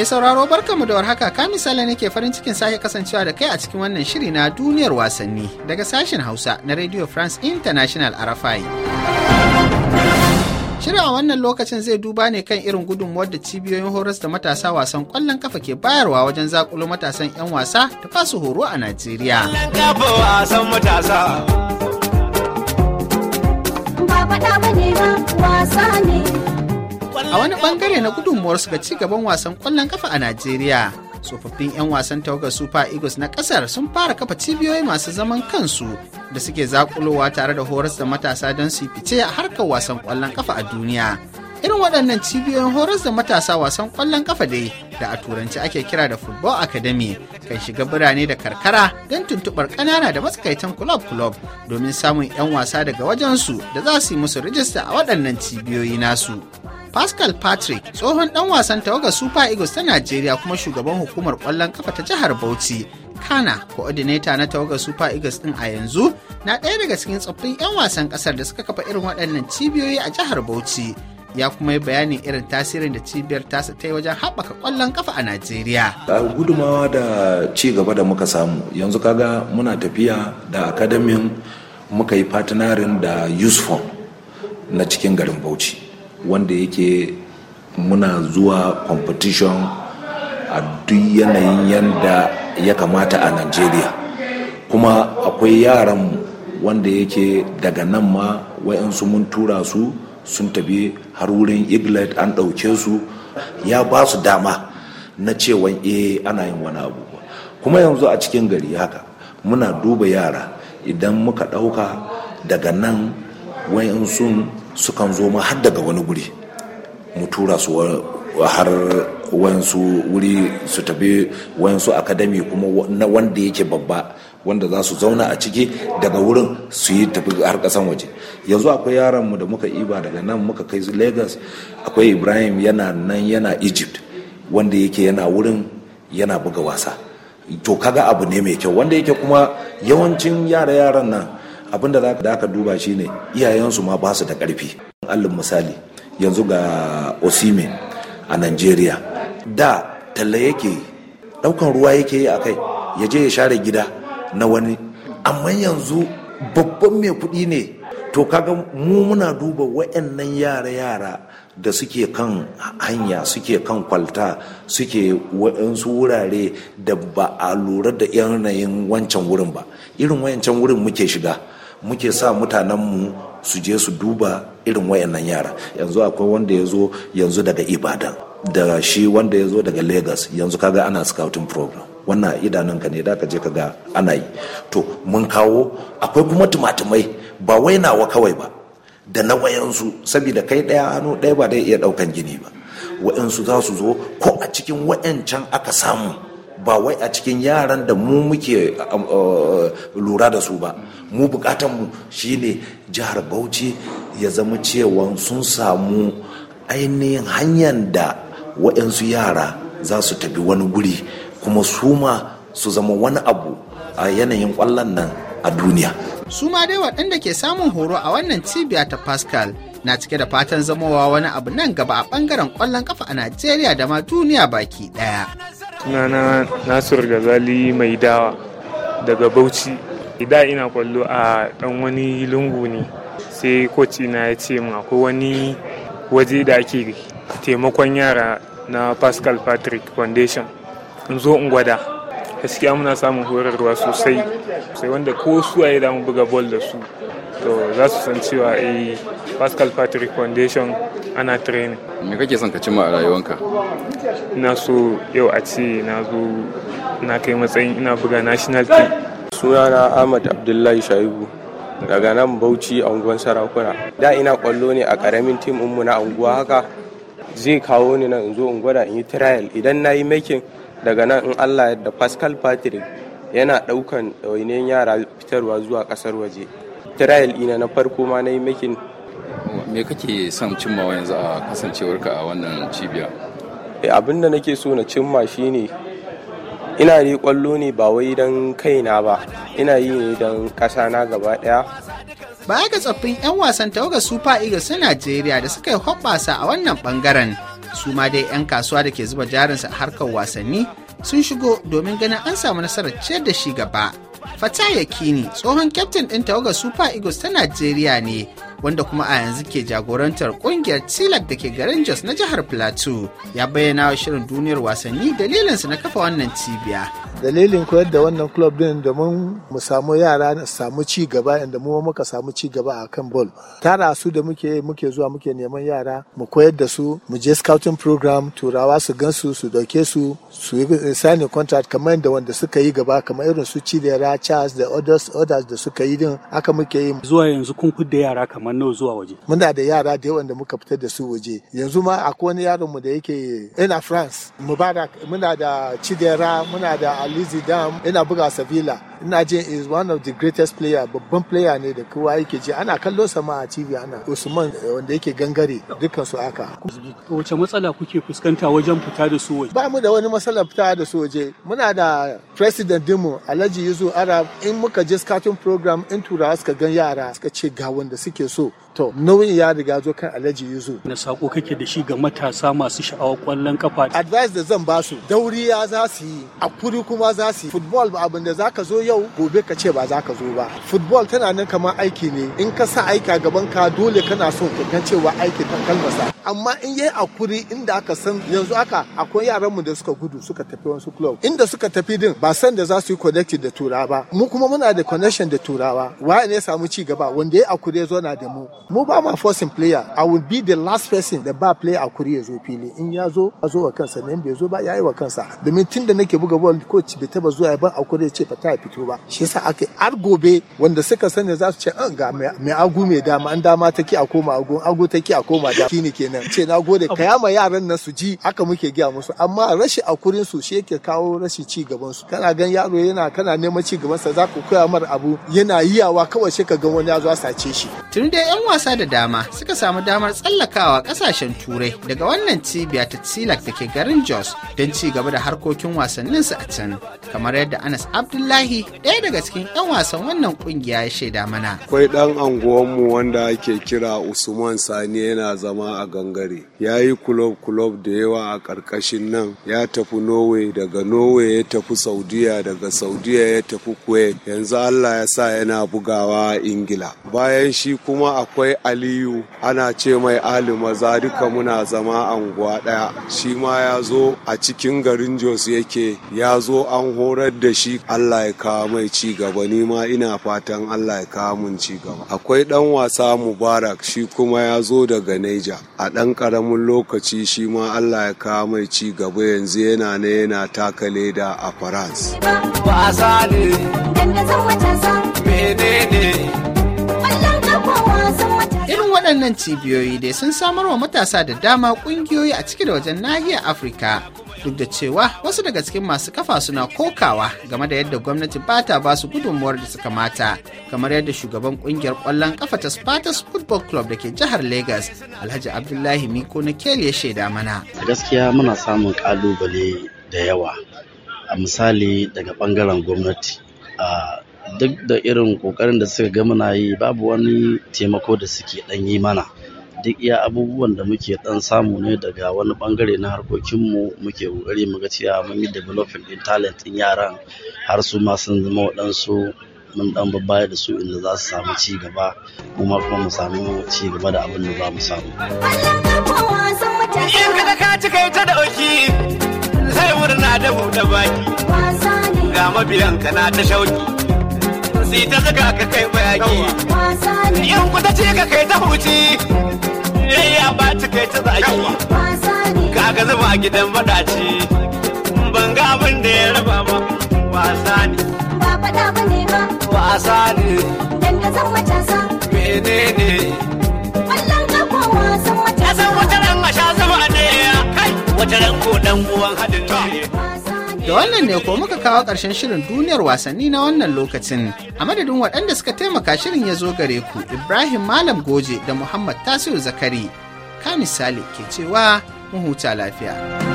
Mai sauraro barkamu da warhaka ka misali ke farin cikin sake kasancewa da kai a cikin wannan shiri na duniyar wasanni daga sashen Hausa na Radio France International Arafai. Shirin a wannan lokacin zai duba ne kan irin gudunmuwar da cibiyoyin horas da matasa wasan kwallon kafa ke bayarwa wajen zakulo matasan 'yan wasa da fasu horo a Najeriya. ba ne ba wasa ne. a wani bangare na su ga ci gaban wasan kwallon kafa a najeriya tsofaffin 'yan wasan tawagar super eagles na kasar sun fara kafa cibiyoyi masu zaman kansu da suke zakulowa tare da horas da matasa don su fice a harkar wasan kwallon kafa a duniya irin waɗannan cibiyoyin horas da matasa wasan kwallon ƙafa dai da a turanci ake kira da football academy kan shiga birane da karkara don tuntuɓar ƙanana da matsakaitan club club domin samun 'yan wasa daga wajensu da za su yi musu rijista a waɗannan cibiyoyi nasu Pascal Patrick tsohon ɗan wasan tawagar Super Eagles ta Najeriya kuma shugaban hukumar kwallon kafa ta jihar Bauchi. Kana, coordinator na tawagar Super Eagles ɗin a yanzu, na ɗaya daga cikin tsoffin 'yan wasan ƙasar da suka kafa irin waɗannan cibiyoyi a jihar Bauchi. ya kuma yi bayanin irin tasirin da cibiyar tasa ta yi wajen haɓaka ƙwallon kafa a Najeriya. A gudumawa da ci gaba da muka samu yanzu kaga muna tafiya da akademin muka yi fatinarin da Yusufon na cikin garin Bauchi. wanda yake muna zuwa competition a duk yanayin yanda ya kamata a nigeria kuma akwai yaran wanda yake daga nan ma wayansu mun tura su sun tafi har wurin iglet an ɗauke su ya ba su dama na cewa eh ana yin wani abu kuma yanzu a cikin gari haka muna duba yara idan muka ɗauka daga nan wayansu sukan zo ma har daga wani guri mu tura su har wayansu wuri su tafi wayansu akadami kuma na wanda yake babba wanda za su zauna a ciki daga wurin su yi tafi har kasan waje yanzu akwai yaranmu da muka iba daga nan muka kai su lagos akwai ibrahim yana nan yana egypt wanda yake yana wurin yana buga wasa to kaga abu ne mai kyau wanda yake kuma yawancin yara yaran nan abin da za ka duba shi ne iyayensu ma ba su da ƙarfi allin misali yanzu ga osime a nigeria da talla yake ɗaukan ruwa yake yi a kai ya je ya share gida na wani amma yanzu babban mai kuɗi ne to kaga mu muna duba wa'annan yara-yara da suke kan hanya suke kan kwalta suke wa'ansu wurare da ba a lura da yanayin wancan wurin ba irin wancan wurin muke shiga muke sa mutanenmu su je su duba irin wayannan yara yanzu akwai wanda ya zo yanzu daga ibadan da shi wanda ya zo daga lagos yanzu kaga ana scouting program wannan idanun ka ne da ka je ka ana yi to mun kawo akwai kuma tumatumai ba wai nawa kawai ba da na wayansu saboda kai ɗaya hannu ɗaya ba dai iya ɗaukan gini ba wayansu za su zo ko a cikin wayancan aka samu ba wai a cikin yaran da mu muke uh, lura da su ba mu mu shine jihar bauchi ya zama cewa sun samu ainihin hanyar da waɗansu yara za su tafi wani guri kuma su ma su zama wani abu a yanayin ƙwallon nan a duniya su ma dai waɗanda ke samun horo a wannan cibiya ta pascal na cike da fatan zamowa wani abu nan gaba a ɓangaren kwallon kafa a najeriya da ma duniya baki ɗaya sunana nasir gazali mai dawa daga bauchi ida ina kwallo a dan wani lungu ne sai koci na ya ce ma akwai wani waje da ake taimakon yara na pascal patrick foundation in zo in gwada gaskiya muna samun horarwa sosai sai wanda ko suwaye da mu buga bol da su to za su san cewa eh pascal patrick foundation ana training me kake son ka cimma a rayuwanka ina so yau a ce na zo na kai matsayin ina buga national team sunana ahmad abdullahi shaibu daga nan bauchi a unguwan sarakuna da ina kwallo ne a karamin tim mu na unguwa haka zai kawo ni nan in zo in gwada in yi trial idan na yi making daga nan in allah yadda pascal patrick yana daukan ɗawainiyar yara fitarwa zuwa kasar waje trial ina na farko ma na yi making me kake son cimmawa yanzu a kasancewarka a wannan cibiya Eh, abin da nake so na cimma shine ina yi kwallo ne ba wai don kaina ba ina yi ne don ƙasa na gaba ɗaya baya ga tsoffin 'yan wasan tawaga super eagles na najeriya da suka yi hoɓɓasa a wannan ɓangaren su ma dai 'yan kasuwa da ke zuba jarinsa a harkar wasanni sun shigo domin ganin an samu nasarar ciyar da shi gaba fata yakini tsohon kyaftin ɗin tawaga super eagles ta najeriya ne wanda kuma a yanzu ke jagorantar kungiyar tilak da ke garin jos na jihar plateau ya bayyana wa shirin duniyar wasanni dalilinsa na kafa wannan cibiya dalilin koyar da wannan club din domin mu samu yara samu ci gaba inda mu muka samu ci gaba a kan ball tara su da muke muke zuwa muke neman yara mu koyar da su mu je scouting program turawa su gansu su dauke su su eh, sign contract kamar da wanda suka yi gaba kamar irin su Chidera Charles da others others da suka yi din haka muke yi zuwa yanzu kun kudda yara kamar nawa zuwa waje muna da yara da wanda da muka fitar da su waje yanzu ma akwai wani yaron mu da yake eh, ina France Mubarak muna da Chidera muna da lizzie dam yana buga Sevilla ina jin is one of the greatest player babban player ne da kowa yake ji ana kallo sama a TV ana Usman eh, wanda yake gangare dukkan su aka wace matsala kuke fuskanta wajen fita da su waje ba mu da wani matsala fita da su waje muna da president dinmu Alhaji Yuzu Arab in muka je scouting program in turawa suka gan yara suka ce ga wanda suke so to nauyin ya riga zo kan alhaji yuzu na sako kake da shi ga matasa masu sha'awar kwallon kafa advice da zan basu dauriya za su yi a kuri kuma za su yi football ba abin da zaka zo yau gobe ka ce ba zaka zo ba football tana nan kamar aiki ne in ka sa aika gaban ka dole kana so ka cewa aiki ta kalmasa amma in yayi a kuri inda aka san yanzu aka akwai yaran mu da suka gudu suka tafi wasu club inda suka tafi din ba san da za su yi connected da turawa ba mu kuma muna da connection da turawa wa ne ya samu ci gaba wanda ya zo na da mu mu ba ma forcing player i will be the last person da ba player a kuri ya zo fili in ya zo a zo wa kansa ne in bai zo ba ya yi wa kansa domin tun da nake buga ball coach bai taba zuwa ban a kuri ya ce fata ya fito ba shi yasa ake har gobe wanda suka sani za su ce an ah, ga mai agu mai dama an dama take a koma agu agu take a koma da kini kenan ce na gode kaya ma yaran nan su ji haka muke gaya musu amma rashin akurin su shi yake kawo rashi ci gaban su kana gan yaro yana kana neman ci gaban sa za ku koya mar abu yana yiyawa kawai sai ka ga wani ya zo sace shi tun da yan matasa da dama suka samu damar tsallakawa ƙasashen turai daga wannan cibiya ta tilak da ke garin jos don ci gaba da harkokin wasanninsu a can kamar yadda anas abdullahi ɗaya daga cikin 'yan wasan wannan ƙungiya ya shaida mana akwai ɗan anguwanmu wanda ake kira usman sani yana zama a gangare ya yi kulob kulob da yawa a ƙarƙashin nan ya tafi norway daga norway ya tafi saudiya daga saudiya ya tafi kuwait yanzu allah ya sa yana bugawa a ingila bayan shi kuma akwai akwai aliyu ana ce mai ali maza duka muna zama anguwa ɗaya shi ma ya zo a cikin garin jos yake ya zo an horar da shi allah ya kawo mai ci gaba ni ma ina fatan allah ya kawo mun ci gaba akwai dan wasa mubarak shi kuma ya zo daga neja a dan karamin lokaci shi ma allah ya kawo mai ci gaba yanzu yana ne yana taka leda a france waɗannan cibiyoyi dai sun samar wa matasa da dama ƙungiyoyi a ciki da wajen nahiyar Afirka. Duk da cewa wasu daga cikin masu kafa suna kokawa game da yadda gwamnati ba ta ba su gudunmuwar da suka mata, kamar yadda shugaban ƙungiyar ƙwallon kafa ta spartans Football Club da ke jihar Lagos, Alhaji Abdullahi Miko na Kel ya shaida mana. A gaskiya muna samun ƙalubale da yawa. A misali daga bangaren gwamnati, duk da irin kokarin da suka ga muna yi babu wani taimako da suke ɗan yi mana duk iya abubuwan da muke ɗan samu ne daga wani bangare na harkokinmu muke kokari mu ga cewa mun yi developing din talent in yaran har su ma sun zama waɗansu mun ɗan babbaya da su inda za su samu ci gaba kuma kuma mu samu ci gaba da abin da za mu samu. ka da baki ga mabiyanka na ta shauki. si ta zuga ka kai bayaki yan kuta ce ka kai ta huci eh, ya ba ta kai ta zaki kaga zuba gidan madaci ban ga abin da ya raba ba wasa ne ba fada ba ne ba wasa ne dan ka san matasa menene wallan ka ko wasan matasa san wata ran a sha zuba ne kai wata ran ko dan uwan hadin ne Da wannan ne ko muka kawo ƙarshen shirin duniyar wasanni na wannan lokacin. A madadin waɗanda suka taimaka shirin ya zo gare ku Ibrahim Malam Goje da Muhammad Tasiru Zakari. Ka misali ke cewa mu huta lafiya.